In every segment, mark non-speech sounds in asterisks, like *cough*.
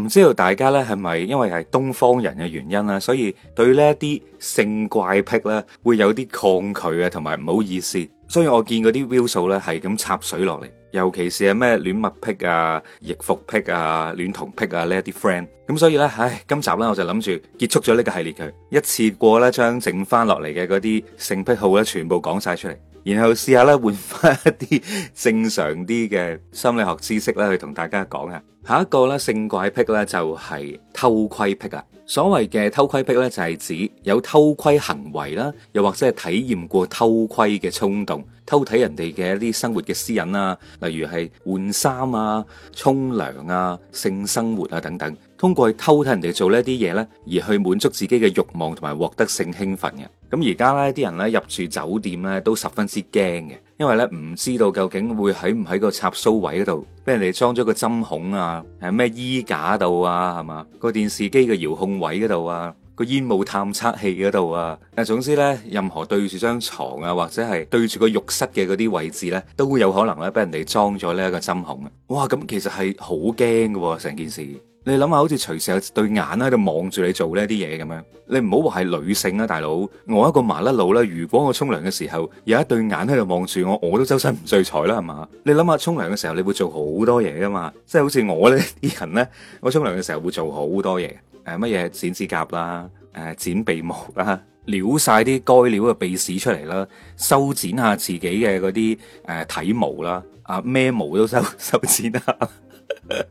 唔知道大家咧係咪因為係東方人嘅原因啦，所以對呢一啲性怪癖咧會有啲抗拒啊，同埋唔好意思。所以我見嗰啲 view 數咧係咁插水落嚟，尤其是係咩戀物癖啊、逆服癖啊、戀童癖啊呢一啲 friend。咁所以咧，唉，今集咧我就諗住結束咗呢個系列佢，一次過咧將剩翻落嚟嘅嗰啲性癖號咧全部講晒出嚟。然後試下咧，換翻一啲正常啲嘅心理學知識咧，去同大家講啊。下一個咧，性怪癖咧就係偷窺癖啊。所謂嘅偷窺癖咧，就係指有偷窺行為啦，又或者係體驗過偷窺嘅衝動，偷睇人哋嘅一啲生活嘅私隱啊，例如係換衫啊、沖涼啊、性生活啊等等。通過去偷睇人哋做呢啲嘢呢，而去滿足自己嘅慾望同埋獲得性興奮嘅。咁而家呢啲人呢，入住酒店呢都十分之驚嘅，因為呢唔知道究竟會喺唔喺個插蘇位嗰度，俾人哋裝咗個針孔啊，係咩衣架度啊，係嘛個電視機嘅遙控位嗰度啊，個煙霧探測器嗰度啊，但總之呢，任何對住張床啊，或者係對住個浴室嘅嗰啲位置呢，都有可能咧俾人哋裝咗呢一個針孔啊！哇，咁其實係好驚㗎喎，成件事。你諗下，好似隨時有對眼喺度望住你做呢啲嘢咁樣，你唔好話係女性啦、啊，大佬，我一個麻甩佬啦，如果我沖涼嘅時候有一對眼喺度望住我，我都周身唔聚財啦，係嘛？你諗下，沖涼嘅時候你會做好多嘢噶嘛？即係好似我呢啲人呢，我沖涼嘅時候會做好多嘢，誒、啊，乜嘢剪指甲啦，誒、啊，剪鼻毛啦，撩晒啲該撩嘅鼻屎出嚟啦，修剪下自己嘅嗰啲誒體毛啦，啊，咩毛，啊、毛都修修剪啦。 *laughs*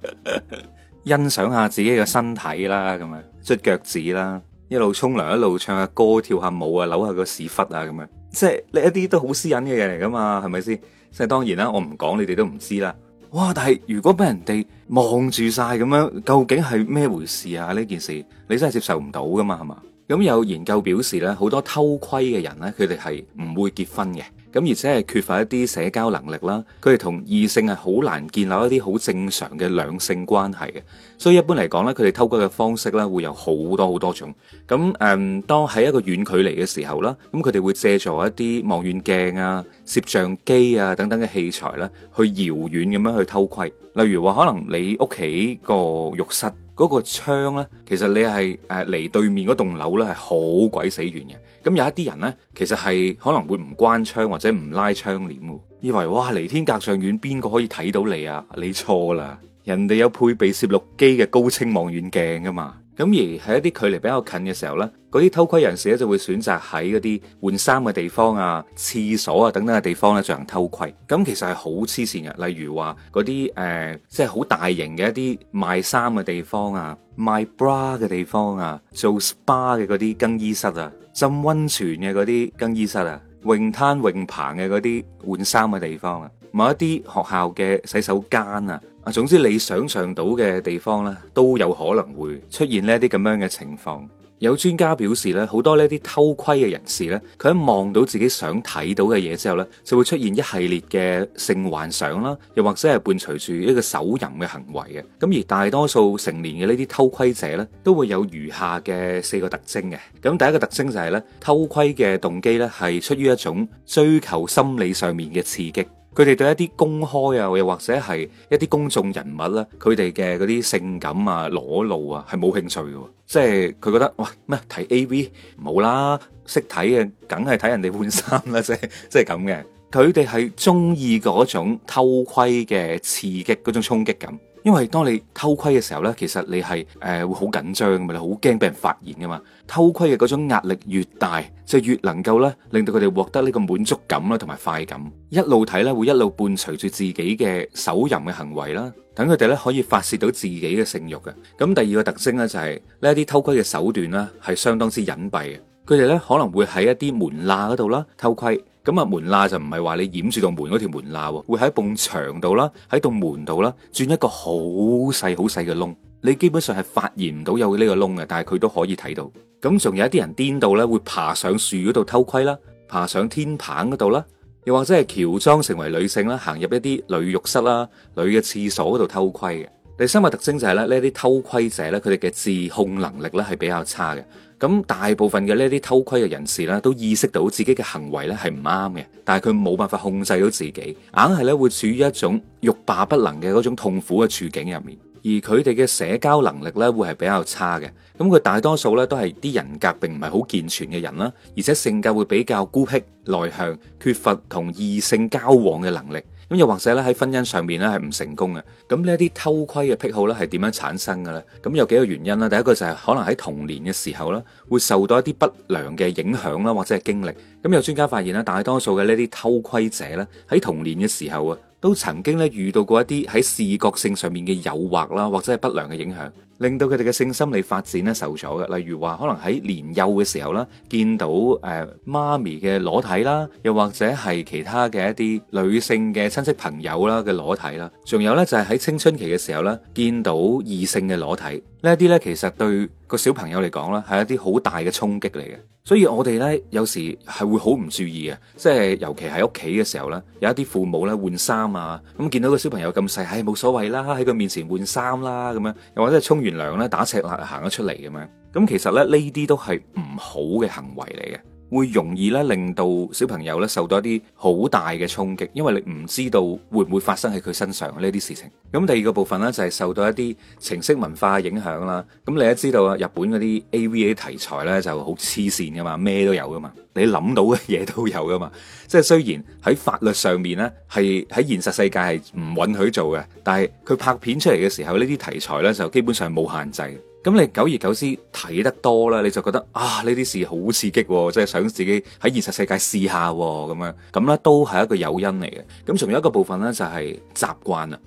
欣賞下自己嘅身體啦，咁樣捽腳趾啦，一路沖涼，一路唱下歌，跳下舞啊，扭下個屎忽啊，咁樣，即係呢一啲都好私隱嘅嘢嚟噶嘛，係咪先？即係當然啦，我唔講你哋都唔知啦。哇！但係如果俾人哋望住晒咁樣，究竟係咩回事啊？呢件事你真係接受唔到噶嘛？係嘛？咁有研究表示咧，好多偷窺嘅人咧，佢哋係唔會結婚嘅。咁而且係缺乏一啲社交能力啦，佢哋同異性係好難建立一啲好正常嘅兩性關係嘅，所以一般嚟講咧，佢哋偷窺嘅方式咧會有好多好多種。咁誒，當喺一個遠距離嘅時候啦，咁佢哋會借助一啲望遠鏡啊、攝像機啊等等嘅器材咧，去遙遠咁樣去偷窺。例如話，可能你屋企個浴室。嗰個窗咧，其實你係誒離對面嗰棟樓咧係好鬼死遠嘅。咁有一啲人咧，其實係可能會唔關窗或者唔拉窗簾喎，以為哇離天隔上遠，邊個可以睇到你啊？你錯啦，人哋有配備攝錄機嘅高清望遠鏡㗎嘛。咁而喺一啲距離比較近嘅時候呢，嗰啲偷窺人士咧就會選擇喺嗰啲換衫嘅地方啊、廁所啊等等嘅地方咧進行偷窺。咁其實係好黐線嘅。例如話嗰啲誒，即係好大型嘅一啲賣衫嘅地方啊、賣 bra 嘅地方啊、做 SPA 嘅嗰啲更衣室啊、浸溫泉嘅嗰啲更衣室啊、泳灘泳棚嘅嗰啲換衫嘅地方啊，某一啲學校嘅洗手間啊。啊，總之你想象到嘅地方咧，都有可能會出現呢啲咁樣嘅情況。有專家表示咧，好多呢啲偷窺嘅人士咧，佢喺望到自己想睇到嘅嘢之後咧，就會出現一系列嘅性幻想啦，又或者係伴隨住一個手淫嘅行為嘅。咁而大多數成年嘅呢啲偷窺者咧，都會有餘下嘅四個特徵嘅。咁第一個特徵就係咧，偷窺嘅動機咧係出於一種追求心理上面嘅刺激。佢哋對一啲公開啊，又或者係一啲公眾人物咧、啊，佢哋嘅嗰啲性感啊、裸露啊，係冇興趣嘅、啊。即係佢覺得，哇咩睇 AV 冇啦，識睇嘅梗係睇人哋換衫啦，即係即係咁嘅。佢哋係中意嗰種偷窺嘅刺激，嗰種衝擊感。因為當你偷窺嘅時候咧，其實你係誒會好緊張噶嘛，你好驚俾人發現噶嘛。偷窺嘅嗰種壓力越大，就越能夠咧令到佢哋獲得呢個滿足感啦，同埋快感。一路睇咧會一路伴隨住自己嘅手淫嘅行為啦，等佢哋咧可以發洩到自己嘅性欲嘅。咁第二個特徵咧就係呢一啲偷窺嘅手段咧係相當之隱蔽嘅，佢哋咧可能會喺一啲門罅嗰度啦偷窺。咁啊門罅就唔係話你掩住道門嗰條門罅，會喺一埲牆度啦，喺棟門度啦，鑽一個好細好細嘅窿，你基本上係發現唔到有呢個窿嘅，但係佢都可以睇到。咁仲有一啲人癲到咧，會爬上樹嗰度偷窺啦，爬上天棚嗰度啦，又或者係喬裝成為女性啦，行入一啲女浴室啦、女嘅廁所嗰度偷窺嘅。第三個特徵就係咧，呢啲偷窺者咧，佢哋嘅自控能力咧係比較差嘅。咁大部分嘅呢啲偷窺嘅人士咧，都意識到自己嘅行為咧係唔啱嘅，但係佢冇辦法控制到自己，硬係咧會處於一種欲罷不能嘅嗰種痛苦嘅處境入面。而佢哋嘅社交能力咧會係比較差嘅。咁佢大多數咧都係啲人格並唔係好健全嘅人啦，而且性格會比較孤僻內向，缺乏同異性交往嘅能力。咁又或者咧喺婚姻上面咧係唔成功嘅。咁呢啲偷窺嘅癖好咧係點樣產生嘅咧？咁有幾個原因啦，第一個就係可能喺童年嘅時候啦，會受到一啲不良嘅影響啦，或者係經歷。咁有專家發現啦，大多數嘅呢啲偷窺者咧喺童年嘅時候啊，都曾經咧遇到過一啲喺視覺性上面嘅誘惑啦，或者係不良嘅影響。令到佢哋嘅性心理發展咧受阻嘅，例如話可能喺年幼嘅時候啦，見到誒媽、呃、咪嘅裸體啦，又或者係其他嘅一啲女性嘅親戚朋友啦嘅裸體啦，仲有咧就係、是、喺青春期嘅時候咧，見到異性嘅裸體呢一啲咧，其實對個小朋友嚟講咧係一啲好大嘅衝擊嚟嘅。所以我哋咧有時係會好唔注意啊，即係尤其喺屋企嘅時候咧，有一啲父母咧換衫啊，咁、嗯、見到個小朋友咁細，唉、哎、冇所謂啦，喺佢面前換衫啦咁樣，又或者係沖完量咧打赤肋行咗出嚟咁樣，咁，嗯，其實咧，呢啲都係唔好嘅行為嚟嘅。會容易咧令到小朋友咧受到一啲好大嘅衝擊，因為你唔知道會唔會發生喺佢身上呢啲事情。咁第二個部分呢，就係、是、受到一啲情色文化影響啦。咁你都知道啊，日本嗰啲 AV 嘅題材呢就好黐線噶嘛，咩都有噶嘛，你諗到嘅嘢都有噶嘛。即係雖然喺法律上面呢，係喺現實世界係唔允許做嘅，但係佢拍片出嚟嘅時候呢啲題材呢，就基本上冇限制。咁你久而久之睇得多啦，你就覺得啊，呢啲事好刺激哦，即係想自己喺現實世界試下咁樣哦，咁呢都係一個誘因嚟嘅。咁仲有一個部分呢，就係習慣啊。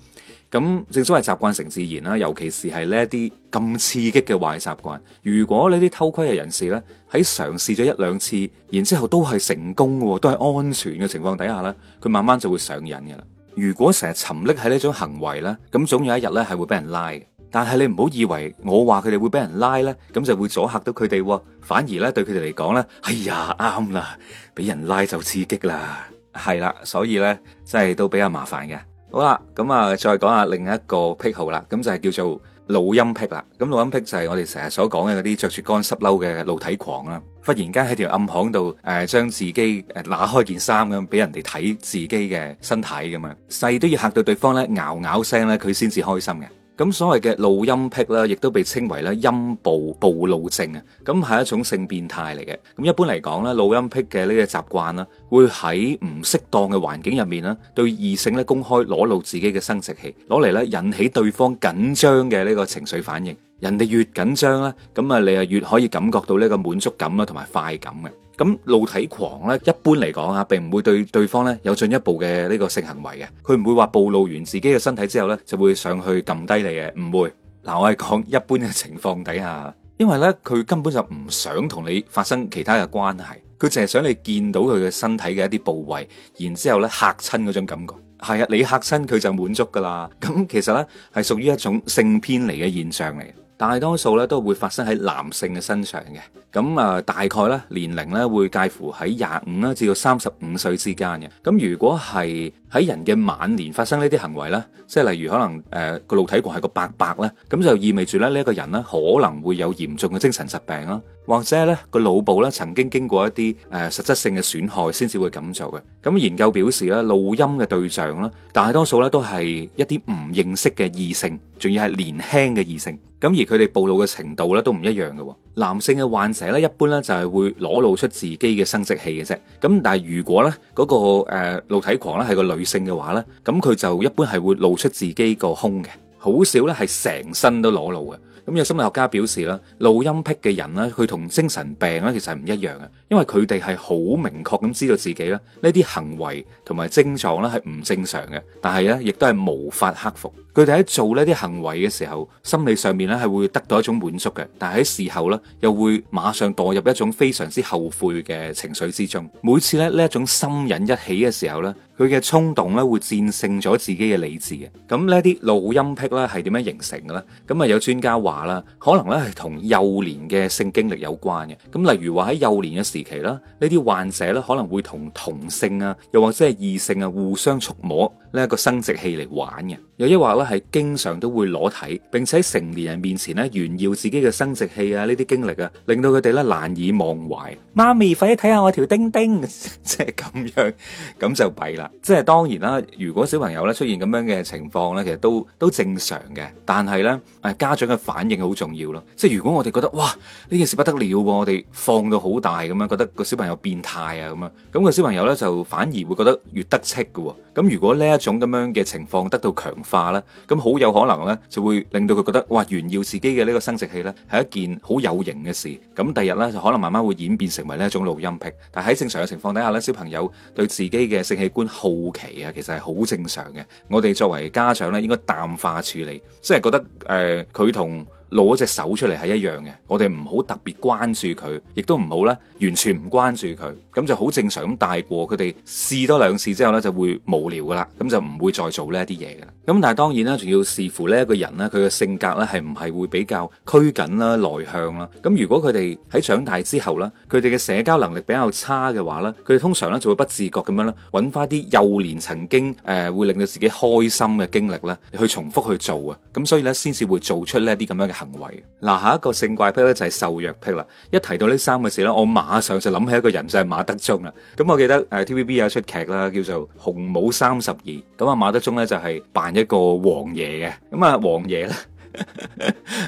咁正所謂習慣成自然啦，尤其是係呢一啲咁刺激嘅壞習慣。如果呢啲偷窺嘅人士呢，喺嘗試咗一兩次，然之後都係成功，都係安全嘅情況底下呢，佢慢慢就會上癮嘅啦。如果成日沉溺喺呢種行為呢，咁總有一日呢，係會俾人拉嘅。但係你唔好以為我話佢哋會俾人拉咧，咁就會阻嚇到佢哋。反而咧，對佢哋嚟講咧，哎呀啱啦，俾人拉就刺激啦，係啦，所以咧真係都比較麻煩嘅。好啦，咁啊，再講下另一個癖好啦，咁就係叫做露陰癖啦。咁露陰癖就係我哋成日所講嘅嗰啲着住乾濕褸嘅露體狂啦。忽然間喺條暗巷度，誒，將自己誒拿開件衫咁，俾人哋睇自己嘅身體咁樣，細都要吓到對方咧，咬咬聲咧，佢先至開心嘅。咁所謂嘅露陰癖啦，亦都被稱為咧陰部暴露症啊，咁係一種性變態嚟嘅。咁一般嚟講咧，露陰癖嘅呢個習慣啦，會喺唔適當嘅環境入面啦，對異性咧公開裸露自己嘅生殖器，攞嚟咧引起對方緊張嘅呢個情緒反應。人哋越緊張咧，咁啊你啊越可以感覺到呢個滿足感啦，同埋快感嘅。咁露體狂咧，一般嚟講啊，並唔會對對方咧有進一步嘅呢個性行為嘅，佢唔會話暴露完自己嘅身體之後咧，就會上去撳低你嘅，唔會。嗱，我係講一般嘅情況底下，因為咧佢根本就唔想同你發生其他嘅關係，佢淨係想你見到佢嘅身體嘅一啲部位，然之後咧嚇親嗰種感覺，係啊，你嚇親佢就滿足噶啦。咁其實咧係屬於一種性偏離嘅現象嚟。大多數咧都會發生喺男性嘅身上嘅，咁啊、呃、大概咧年齡咧會介乎喺廿五啦至到三十五歲之間嘅。咁如果係喺人嘅晚年發生呢啲行為咧，即係例如可能誒、呃、個露體過係個伯伯咧，咁就意味住咧呢一、這個人咧可能會有嚴重嘅精神疾病啦。或者咧個腦部咧曾經經過一啲誒實質性嘅損害先至會咁做嘅。咁研究表示咧露陰嘅對象咧大多數咧都係一啲唔認識嘅異性，仲要係年輕嘅異性。咁而佢哋暴露嘅程度咧都唔一樣嘅。男性嘅患者咧一般咧就係會裸露出自己嘅生殖器嘅啫。咁但係如果咧嗰個誒露體狂咧係個女性嘅話咧，咁佢就一般係會露出自己個胸嘅，好少咧係成身都裸露嘅。咁有心理學家表示啦，露陰癖嘅人咧，佢同精神病咧其實係唔一樣嘅，因為佢哋係好明確咁知道自己咧呢啲行為同埋症狀咧係唔正常嘅，但係咧亦都係無法克服。佢哋喺做呢啲行為嘅時候，心理上面咧係會得到一種滿足嘅，但係喺事後呢，又會馬上墮入一種非常之後悔嘅情緒之中。每次咧呢一種心癮一起嘅時候呢，佢嘅衝動咧會戰勝咗自己嘅理智嘅。咁呢啲露陰癖呢，係點樣形成嘅咧？咁啊有專家話啦，可能呢係同幼年嘅性經歷有關嘅。咁例如話喺幼年嘅時期啦，呢啲患者咧可能會同同性啊，又或者係異性啊互相觸摸呢一個生殖器嚟玩嘅。有啲話咧。係經常都會裸體，並且喺成年人面前咧炫耀自己嘅生殖器啊，呢啲經歷啊，令到佢哋咧難以忘懷。媽咪快啲睇下我條丁丁，即係咁樣，咁就弊啦。即係當然啦，如果小朋友咧出現咁樣嘅情況咧，其實都都正常嘅。但係咧，誒家長嘅反應好重要咯。即係如果我哋覺得哇呢件事不得了，我哋放到好大咁樣，覺得個小朋友變態啊咁樣，咁個小朋友咧就反而會覺得越得戚嘅喎。咁如果呢一種咁樣嘅情況得到強化咧，咁好有可能咧就會令到佢覺得哇炫耀自己嘅呢個生殖器咧係一件好有型嘅事。咁第日咧就可能慢慢會演變成。同埋呢一種露陰癖，但喺正常嘅情況底下呢，小朋友對自己嘅性器官好奇啊，其實係好正常嘅。我哋作為家長呢，應該淡化處理，即係覺得誒佢同呃攞隻手出嚟係一樣嘅，我哋唔好特別關注佢，亦都唔好咧完全唔關注佢，咁就好正常咁帶過。佢哋試多兩次之後呢，就會無聊噶啦，咁就唔會再做呢一啲嘢噶啦。咁但係當然啦，仲要視乎呢一個人呢，佢嘅性格呢，係唔係會比較拘謹啦、內向啦。咁如果佢哋喺長大之後呢，佢哋嘅社交能力比較差嘅話呢，佢哋通常呢就會不自覺咁樣咧揾翻啲幼年曾經誒、呃、會令到自己開心嘅經歷呢，去重複去做啊。咁所以呢，先至會做出呢啲咁樣嘅。行為嗱，下一個性怪癖咧就係受虐癖啦。一提到呢三個字咧，我馬上就諗起一個人就係馬德鐘啦。咁我記得誒，TVB 有一出劇啦，叫做《紅武三十二》。咁啊，馬德鐘咧就係扮一個王爺嘅。咁啊，王爺咧，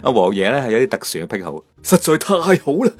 阿王爺咧係有啲特殊嘅癖好，實在太好啦！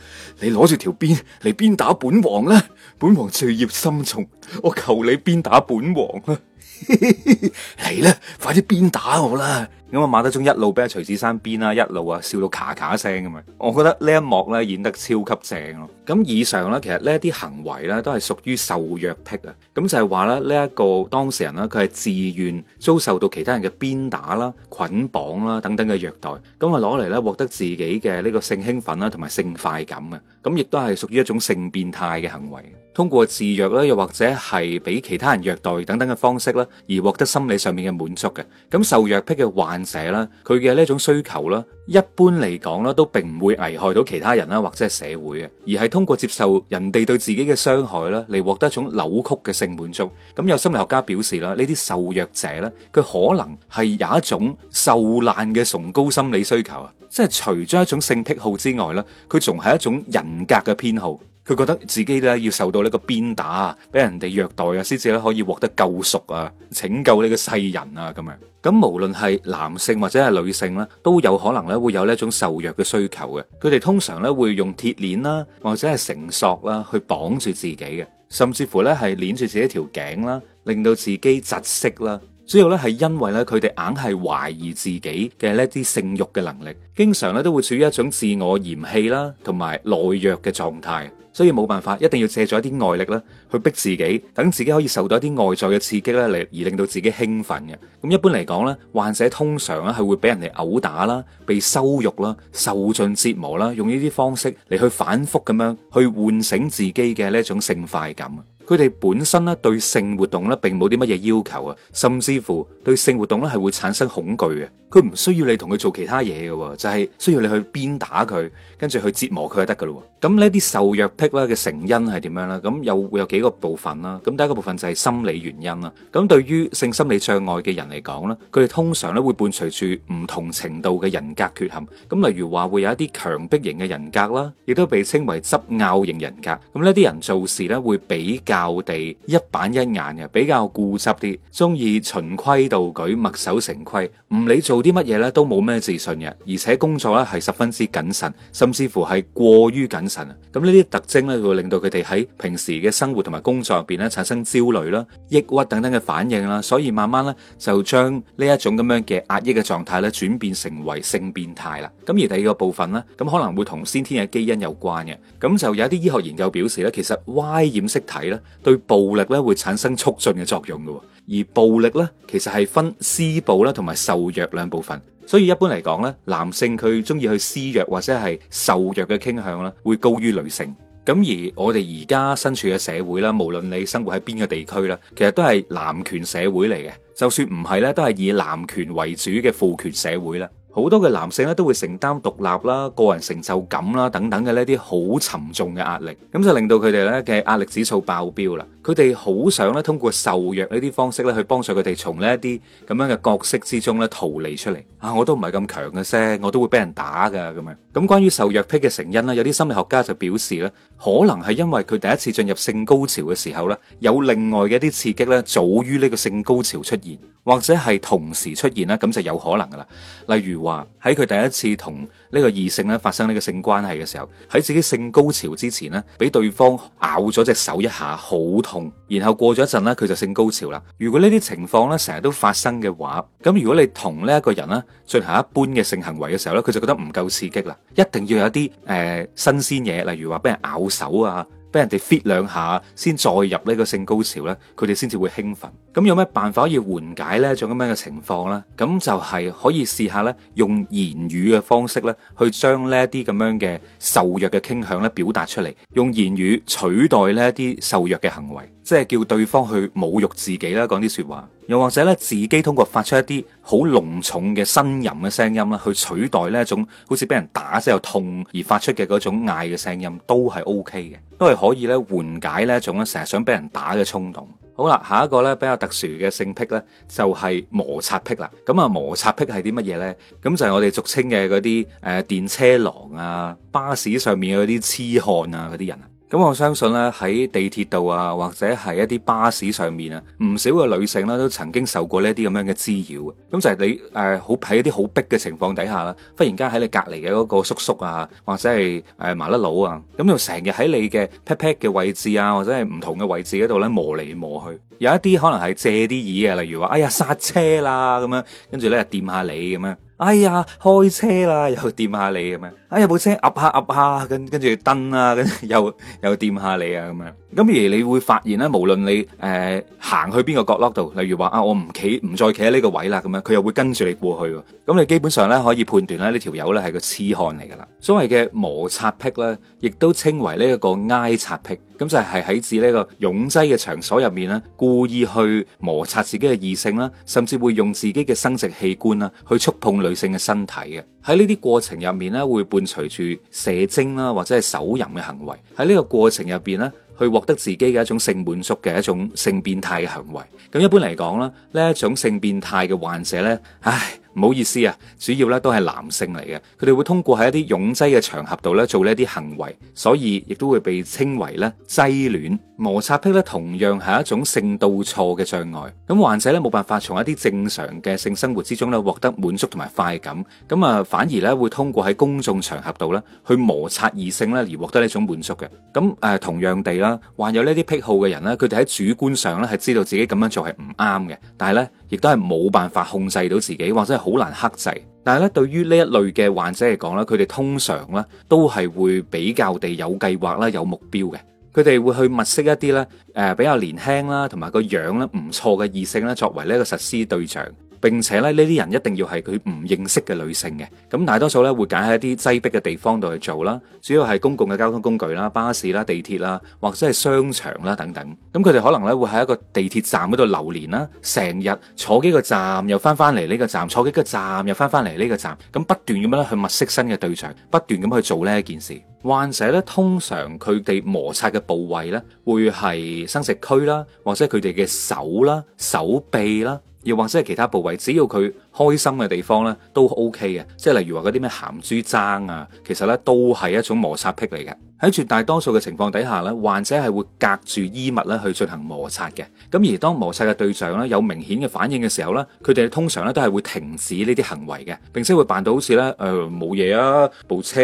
你攞住條鞭嚟鞭打本王啦！本王罪孽深重，我求你鞭打本王啦！嚟啦，快啲鞭打我啦！咁啊，馬德鐘一路俾喺徐子珊鞭啦，一路啊笑到咔咔聲咁啊，我覺得呢一幕咧演得超級正咯。咁以上咧，其實呢一啲行為咧都係屬於受虐癖啊。咁就係話咧，呢一個當事人啦，佢係自願遭受到其他人嘅鞭打啦、捆綁啦等等嘅虐待，咁啊攞嚟咧獲得自己嘅呢個性興奮啦同埋性快感啊。咁亦都係屬於一種性變態嘅行為。通過自虐咧，又或者係俾其他人虐待等等嘅方式咧，而獲得心理上面嘅滿足嘅。咁受虐癖嘅患者啦，佢嘅呢種需求啦，一般嚟講啦，都並唔會危害到其他人啦，或者係社會嘅，而係通過接受人哋對自己嘅傷害啦，嚟獲得一種扭曲嘅性滿足。咁有心理學家表示啦，呢啲受虐者咧，佢可能係有一種受難嘅崇高心理需求，即係除咗一種性癖好之外咧，佢仲係一種人格嘅偏好。佢覺得自己咧要受到呢個鞭打啊，俾人哋虐待啊，先至咧可以獲得救贖啊，拯救呢個世人啊咁樣。咁無論係男性或者係女性咧，都有可能咧會有呢一種受虐嘅需求嘅。佢哋通常咧會用鐵鏈啦，或者係繩索啦去綁住自己嘅，甚至乎咧係綁住自己條頸啦，令到自己窒息啦。主要咧係因為咧佢哋硬係懷疑自己嘅呢啲性慾嘅能力，經常咧都會處於一種自我嫌棄啦，同埋懦弱嘅狀態，所以冇辦法，一定要借助一啲外力啦，去逼自己，等自己可以受到一啲外在嘅刺激咧嚟，而令到自己興奮嘅。咁一般嚟講咧，患者通常咧係會俾人哋毆打啦，被羞辱啦，受盡折磨啦，用呢啲方式嚟去反復咁樣去喚醒自己嘅呢一種性快感。佢哋本身咧對性活動咧並冇啲乜嘢要求啊，甚至乎對性活動咧係會產生恐懼嘅。佢唔需要你同佢做其他嘢嘅，就係需要你去鞭打佢，跟住去折磨佢就得㗎咯。咁呢一啲受虐癖咧嘅成因係點樣咧？咁又會有幾個部分啦。咁第一個部分就係心理原因啦。咁對於性心理障礙嘅人嚟講咧，佢哋通常咧會伴隨住唔同程度嘅人格缺陷。咁例如話會有一啲強迫型嘅人格啦，亦都被稱為執拗型人格。咁呢啲人做事咧會比較地一板一眼嘅，比較固執啲，中意循規蹈矩、墨守成規，唔理做啲乜嘢咧都冇咩自信嘅，而且工作咧係十分之謹慎，甚至乎係過於謹慎。咁呢啲特徵咧，會令到佢哋喺平時嘅生活同埋工作入邊咧產生焦慮啦、抑鬱等等嘅反應啦，所以慢慢咧就將呢一種咁樣嘅壓抑嘅狀態咧轉變成為性變態啦。咁而第二個部分咧，咁可能會同先天嘅基因有關嘅。咁就有一啲醫學研究表示咧，其實 Y 染色體咧對暴力咧會產生促進嘅作用噶。而暴力咧其實係分施暴啦同埋受虐兩部分。所以一般嚟講咧，男性佢中意去施虐或者係受虐嘅傾向咧，會高於女性。咁而我哋而家身處嘅社會啦，無論你生活喺邊個地區啦，其實都係男權社會嚟嘅。就算唔係咧，都係以男權為主嘅父權社會啦。好多嘅男性咧都會承擔獨立啦、個人成就感啦等等嘅呢一啲好沉重嘅壓力，咁就令到佢哋咧嘅壓力指數爆標啦。佢哋好想咧通過受虐呢啲方式咧去幫助佢哋從呢一啲咁樣嘅角色之中咧逃離出嚟啊！我都唔係咁強嘅啫，我都會俾人打㗎咁樣。咁關於受虐癖嘅成因咧，有啲心理學家就表示咧，可能係因為佢第一次進入性高潮嘅時候咧，有另外嘅一啲刺激咧早於呢個性高潮出現，或者係同時出現啦，咁就有可能噶啦，例如，話喺佢第一次同呢個異性咧發生呢個性關係嘅時候，喺自己性高潮之前呢，俾對方咬咗隻手一下，好痛。然後過咗一陣呢，佢就性高潮啦。如果呢啲情況咧成日都發生嘅話，咁如果你同呢一個人咧進行一般嘅性行為嘅時候呢，佢就覺得唔夠刺激啦，一定要有啲誒、呃、新鮮嘢，例如話俾人咬手啊。俾人哋 fit 兩下，先再入呢個性高潮呢，佢哋先至會興奮。咁有咩辦法可以緩解呢種咁樣嘅情況呢？咁就係可以試下呢，用言語嘅方式呢，去將呢啲咁樣嘅受虐嘅傾向呢，表達出嚟，用言語取代呢啲受虐嘅行為，即係叫對方去侮辱自己啦，講啲説話。又或者咧，自己通過發出一啲好濃重嘅呻吟嘅聲音啦，去取代呢一種好似俾人打之後痛而發出嘅嗰種嗌嘅聲音，都係 OK 嘅，都係可以咧緩解呢一種成日想俾人打嘅衝動。好啦，下一個咧比較特殊嘅性癖咧，就係摩擦癖啦。咁啊，摩擦癖係啲乜嘢咧？咁就係、是、我哋俗稱嘅嗰啲誒電車狼啊、巴士上面嗰啲痴漢啊嗰啲人啊。咁我相信咧喺地鐵度啊，或者係一啲巴士上面啊，唔少嘅女性咧、啊、都曾經受過呢一啲咁樣嘅滋擾嘅。咁就係你誒、呃，好喺一啲好逼嘅情況底下啦，忽然間喺你隔籬嘅嗰個叔叔啊，或者係誒麻甩佬啊，咁就成日喺你嘅 pat pat 嘅位置啊，或者係唔同嘅位置嗰度咧磨嚟磨去。有一啲可能係借啲意啊，例如話哎呀剎車啦咁樣，跟住咧掂下你咁樣。哎呀，開車啦，又掂下你咁樣，哎呀，部車壓下壓下，下，跟跟住蹬啦，跟，跟又又掂下你啊咁樣。咁而你會發現咧，無論你誒行、呃、去邊個角落度，例如話啊，我唔企唔再企喺呢個位啦，咁樣佢又會跟住你過去。咁、嗯、你基本上咧可以判斷咧呢條友咧係個痴漢嚟噶啦。所謂嘅摩擦癖咧，亦都稱為呢一個挨擦癖。咁就係喺自呢個擁擠嘅場所入面咧，故意去摩擦自己嘅異性啦，甚至會用自己嘅生殖器官啦，去觸碰女性嘅身體嘅。喺呢啲過程入面咧，會伴隨住射精啦，或者係手淫嘅行為。喺呢個過程入邊咧，去獲得自己嘅一種性滿足嘅一種性變態嘅行為。咁一般嚟講咧，呢一種性變態嘅患者咧，唉。唔好意思啊，主要咧都係男性嚟嘅，佢哋會通過喺一啲擁擠嘅場合度咧做呢啲行為，所以亦都會被稱為咧擠戀摩擦癖咧，同樣係一種性倒錯嘅障礙。咁患者咧冇辦法從一啲正常嘅性生活之中咧獲得滿足同埋快感，咁啊反而咧會通過喺公眾場合度咧去摩擦異性咧而獲得呢一種滿足嘅。咁誒、呃，同樣地啦，患有呢啲癖好嘅人咧，佢哋喺主觀上咧係知道自己咁樣做係唔啱嘅，但係咧。亦都係冇辦法控制到自己，或者係好難克制。但係咧，對於呢一類嘅患者嚟講咧，佢哋通常咧都係會比較地有計劃啦、有目標嘅。佢哋會去物色一啲咧，誒、呃、比較年輕啦，同埋個樣咧唔錯嘅異性咧，作為呢個實施對象。並且咧，呢啲人一定要係佢唔認識嘅女性嘅，咁大多數咧會揀喺一啲擠迫嘅地方度去做啦，主要係公共嘅交通工具啦、巴士啦、地鐵啦，或者係商場啦等等。咁佢哋可能咧會喺一個地鐵站嗰度流連啦，成日坐幾個站又翻翻嚟呢個站，坐幾個站又翻翻嚟呢個站，咁不斷咁樣去物色新嘅對象，不斷咁去做呢一件事。患者咧通常佢哋摩擦嘅部位咧會係生殖區啦，或者佢哋嘅手啦、手臂啦。又或者係其他部位，只要佢開心嘅地方咧都 OK 嘅，即係例如話嗰啲咩鹹豬爭啊，其實呢都係一種摩擦癖嚟嘅。喺絕大多數嘅情況底下呢，患者係會隔住衣物咧去進行摩擦嘅。咁而當摩擦嘅對象呢有明顯嘅反應嘅時候呢，佢哋通常呢都係會停止呢啲行為嘅，並且會扮到好似呢：呃「誒冇嘢啊，部車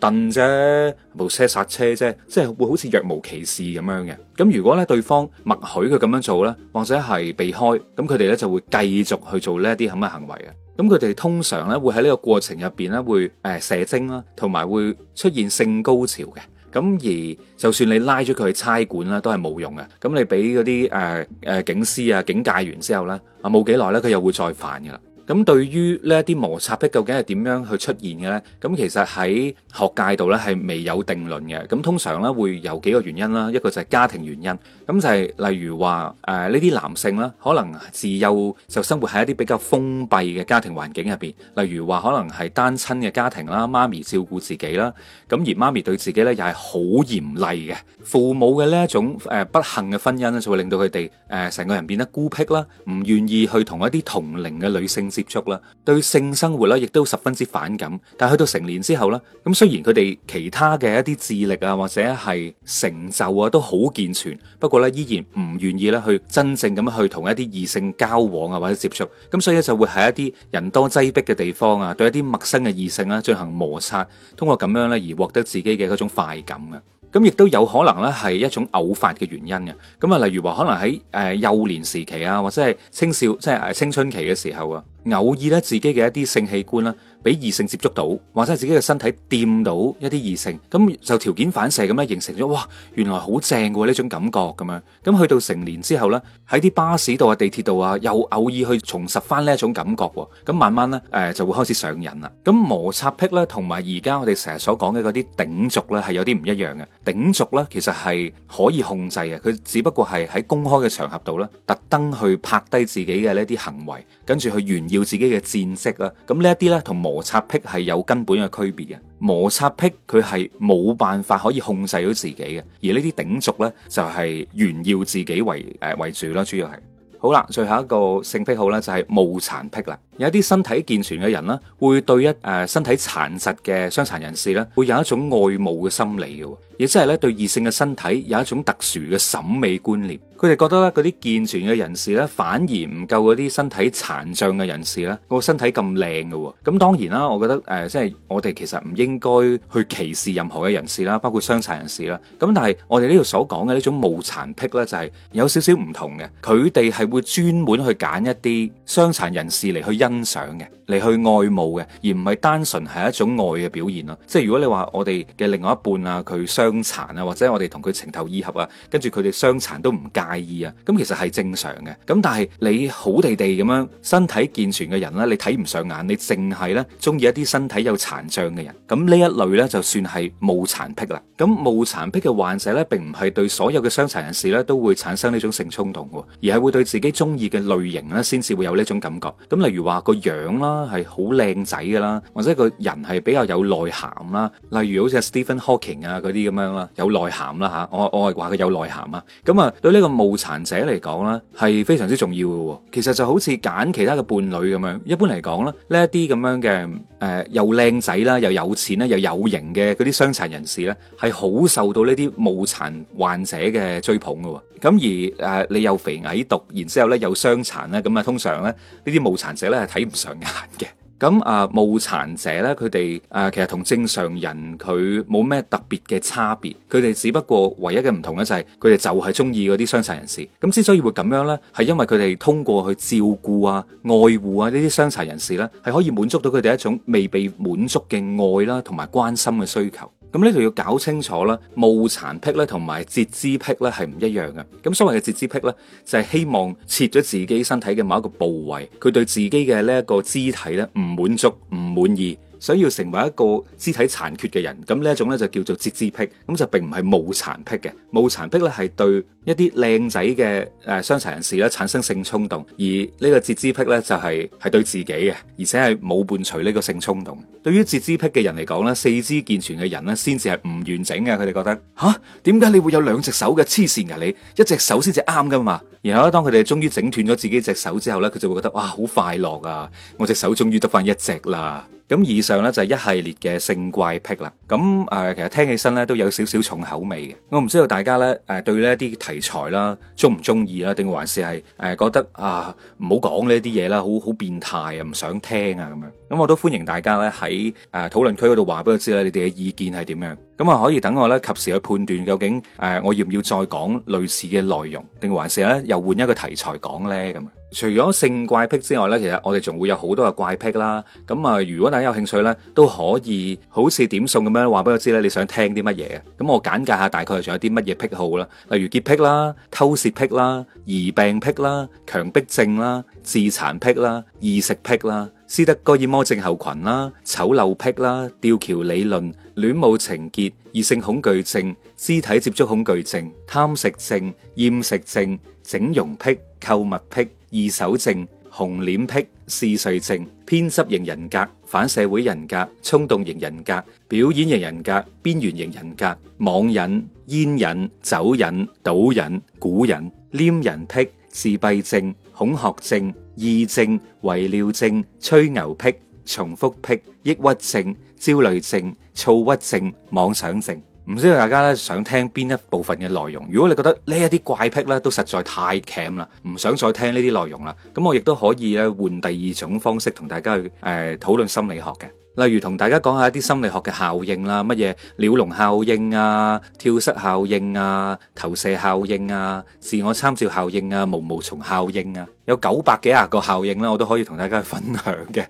凳啫，部車剎車啫，即係會好似若無其事咁樣嘅。」咁如果呢對方默許佢咁樣做呢，或者係避開，咁佢哋呢就會繼續去做呢啲咁嘅行為。咁佢哋通常咧會喺呢個過程入邊咧會誒、呃、射精啦，同埋會出現性高潮嘅。咁而就算你拉咗佢去差館啦，都係冇用嘅。咁你俾嗰啲誒誒警司啊、警戒員之後咧，啊冇幾耐咧，佢又會再犯噶啦。咁對於呢一啲摩擦癖，究竟係點樣去出現嘅呢？咁其實喺學界度呢，係未有定論嘅。咁通常呢，會有幾個原因啦，一個就係家庭原因。咁就係例如話誒呢啲男性啦，可能自幼就生活喺一啲比較封閉嘅家庭環境入邊，例如話可能係單親嘅家庭啦，媽咪照顧自己啦，咁而媽咪對自己呢，又係好嚴厲嘅。父母嘅呢一種誒不幸嘅婚姻呢，就會令到佢哋誒成個人變得孤僻啦，唔願意去同一啲同齡嘅女性接觸啦，對性生活咧，亦都十分之反感。但係去到成年之後咧，咁雖然佢哋其他嘅一啲智力啊，或者係成就啊，都好健全，不過咧依然唔願意咧去真正咁去同一啲異性交往啊或者接觸。咁所以咧就會喺一啲人多擠迫嘅地方啊，對一啲陌生嘅異性啊進行摩擦，通過咁樣咧而獲得自己嘅嗰種快感啊。咁亦都有可能咧係一種偶發嘅原因嘅。咁啊，例如話可能喺誒幼年時期啊，或者係青少年，即係青春期嘅時候啊。偶爾咧，自己嘅一啲性器官啦，俾異性接觸到，或者係自己嘅身體掂到一啲異性，咁就條件反射咁樣，形成咗哇，原來好正㗎呢種感覺咁樣。咁去到成年之後咧，喺啲巴士度啊、地鐵度啊，又偶爾去重拾翻呢一種感覺喎。咁慢慢咧，誒就會開始上癮啦。咁摩擦癖咧，同埋而家我哋成日所講嘅嗰啲頂族咧，係有啲唔一樣嘅。頂族咧，其實係可以控制嘅，佢只不過係喺公開嘅場合度咧，特登去拍低自己嘅呢啲行為，跟住去完。要自己嘅戰績啦，咁呢一啲咧，同摩擦癖係有根本嘅區別嘅。摩擦癖佢係冇辦法可以控制到自己嘅，而呢啲頂族咧就係炫耀自己為誒為主啦，主要係。好啦，最後一個性癖好咧就係慕殘癖啦。有一啲身體健全嘅人咧，會對一誒身體殘疾嘅傷殘人士咧，會有一種愛慕嘅心理嘅。亦即係咧，對異性嘅身體有一種特殊嘅審美觀念。佢哋覺得咧，嗰啲健全嘅人士咧，反而唔夠嗰啲身體殘障嘅人士咧個身體咁靚嘅。咁當然啦，我覺得誒，即係我哋其實唔應該去歧視任何嘅人士啦，包括傷殘人士啦。咁但係我哋呢度所講嘅呢種慕殘癖咧，就係有少少唔同嘅。佢哋係會專門去揀一啲傷殘人士嚟去欣賞嘅，嚟去愛慕嘅，而唔係單純係一種愛嘅表現咯。即係如果你話我哋嘅另外一半啊，佢傷。傷殘啊，或者我哋同佢情投意合啊，跟住佢哋傷殘都唔介意啊，咁其實係正常嘅。咁但係你好地地咁樣身體健全嘅人咧，你睇唔上眼，你淨係咧中意一啲身體有殘障嘅人。咁呢一類咧，就算係慕殘癖啦。咁慕殘癖嘅患者咧，並唔係對所有嘅傷殘人士咧都會產生呢種性衝動，而係會對自己中意嘅類型咧，先至會有呢種感覺。咁例如話個樣啦，係好靚仔噶啦，或者個人係比較有內涵啦。例如好似 Stephen Hawking 啊嗰啲。咁樣啦，有內涵啦吓、啊，我我係話佢有內涵啊！咁啊，對呢個慕殘者嚟講咧，係非常之重要嘅。其實就好似揀其他嘅伴侶咁樣，一般嚟講咧，呢一啲咁樣嘅誒、呃，又靚仔啦，又有錢啦，又有型嘅嗰啲傷殘人士呢，係好受到呢啲慕殘患者嘅追捧嘅。咁、啊、而誒、呃，你又肥矮毒，然之後咧又傷殘咧，咁啊，通常咧呢啲慕殘者呢，係睇唔上眼嘅。咁啊，慕殘者咧，佢哋啊，其實同正常人佢冇咩特別嘅差別，佢哋只不過唯一嘅唔同呢就係佢哋就係中意嗰啲傷殘人士。咁之所以會咁樣呢，係因為佢哋通過去照顧啊、愛護啊呢啲傷殘人士呢，係可以滿足到佢哋一種未被滿足嘅愛啦、啊，同埋關心嘅需求。咁呢度要搞清楚啦，慕殘癖咧同埋截肢癖咧係唔一樣嘅。咁所謂嘅截肢癖咧，就係、是、希望切咗自己身體嘅某一個部位，佢對自己嘅呢一個肢體咧唔滿足、唔滿意。想要成為一個肢體殘缺嘅人，咁呢一種咧就叫做截肢癖，咁就並唔係慕殘癖嘅，慕殘癖呢係對一啲靚仔嘅誒傷殘人士咧產生性衝動，而呢個截肢癖呢就係係對自己嘅，而且係冇伴隨呢個性衝動。對於截肢癖嘅人嚟講呢四肢健全嘅人咧先至係唔完整嘅，佢哋覺得吓，點解你會有兩隻手嘅黐線噶？你一隻手先至啱噶嘛？然後咧，當佢哋終於整斷咗自己隻手之後呢佢就會覺得哇，好快樂啊！我隻手終於得返一隻啦～咁以上呢，就係一系列嘅性怪癖啦。咁誒，其實聽起身呢，都有少少重口味嘅。我唔知道大家呢誒對呢啲題材啦，中唔中意啦，定還是係誒覺得啊唔好講呢啲嘢啦，好好變態啊，唔想聽啊咁樣。咁我都歡迎大家呢喺誒討論區嗰度話俾我知啦，你哋嘅意見係點樣？咁啊可以等我呢，及時去判斷究竟誒我要唔要再講類似嘅內容，定還是呢，又換一個題材講呢？咁啊？除咗性怪癖之外呢，其實我哋仲會有好多嘅怪癖啦。咁、嗯、啊，如果大家有興趣呢，都可以好似點餸咁樣話俾我知咧。你想聽啲乜嘢？咁、嗯、我簡介下大概仲有啲乜嘢癖好啦，例如潔癖啦、偷竊癖啦、疑病癖啦、強迫症啦、自殘癖啦、異食癖啦、斯德哥爾摩症候群啦、醜陋癖啦、吊橋理論、戀母情結、異性恐懼症、肢體接觸恐懼症、貪食症、厭食症、整容癖、購物癖。二手症、紅臉癖、嗜睡症、偏執型人格、反社會人格、衝動型人格、表演型人格、邊緣型人格、網癮、煙癮、酒癮、賭癮、古癮、黏人癖、自閉症、恐嚇症、異症、遺尿症、吹牛癖、重複癖、抑鬱症、焦慮症、躁鬱症，症，症，症、妄想症。唔知道大家咧想聽邊一部分嘅內容？如果你覺得呢一啲怪癖咧都實在太 cam 啦，唔想再聽呢啲內容啦，咁我亦都可以咧換第二種方式同大家去誒、呃、討論心理學嘅。例如同大家講下一啲心理學嘅效應啦，乜嘢鳥籠效應啊、跳蚤效應啊、投射效應啊、自我參照效應啊、毛毛蟲效應啊，有九百幾廿個效應啦，我都可以同大家分享嘅。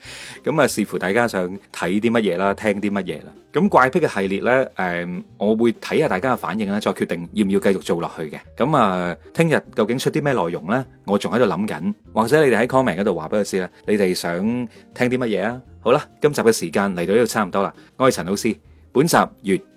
咁啊，視乎大家想睇啲乜嘢啦，聽啲乜嘢啦。咁怪癖嘅系列咧，誒，我會睇下大家嘅反應啦，再決定要唔要繼續做落去嘅。咁啊，聽日究竟出啲咩內容咧？我仲喺度諗緊，或者你哋喺 comment 嗰度話俾我知啦，你哋想聽啲乜嘢啊？好啦，今集嘅時間嚟到呢度差唔多啦，我係陳老師，本集完。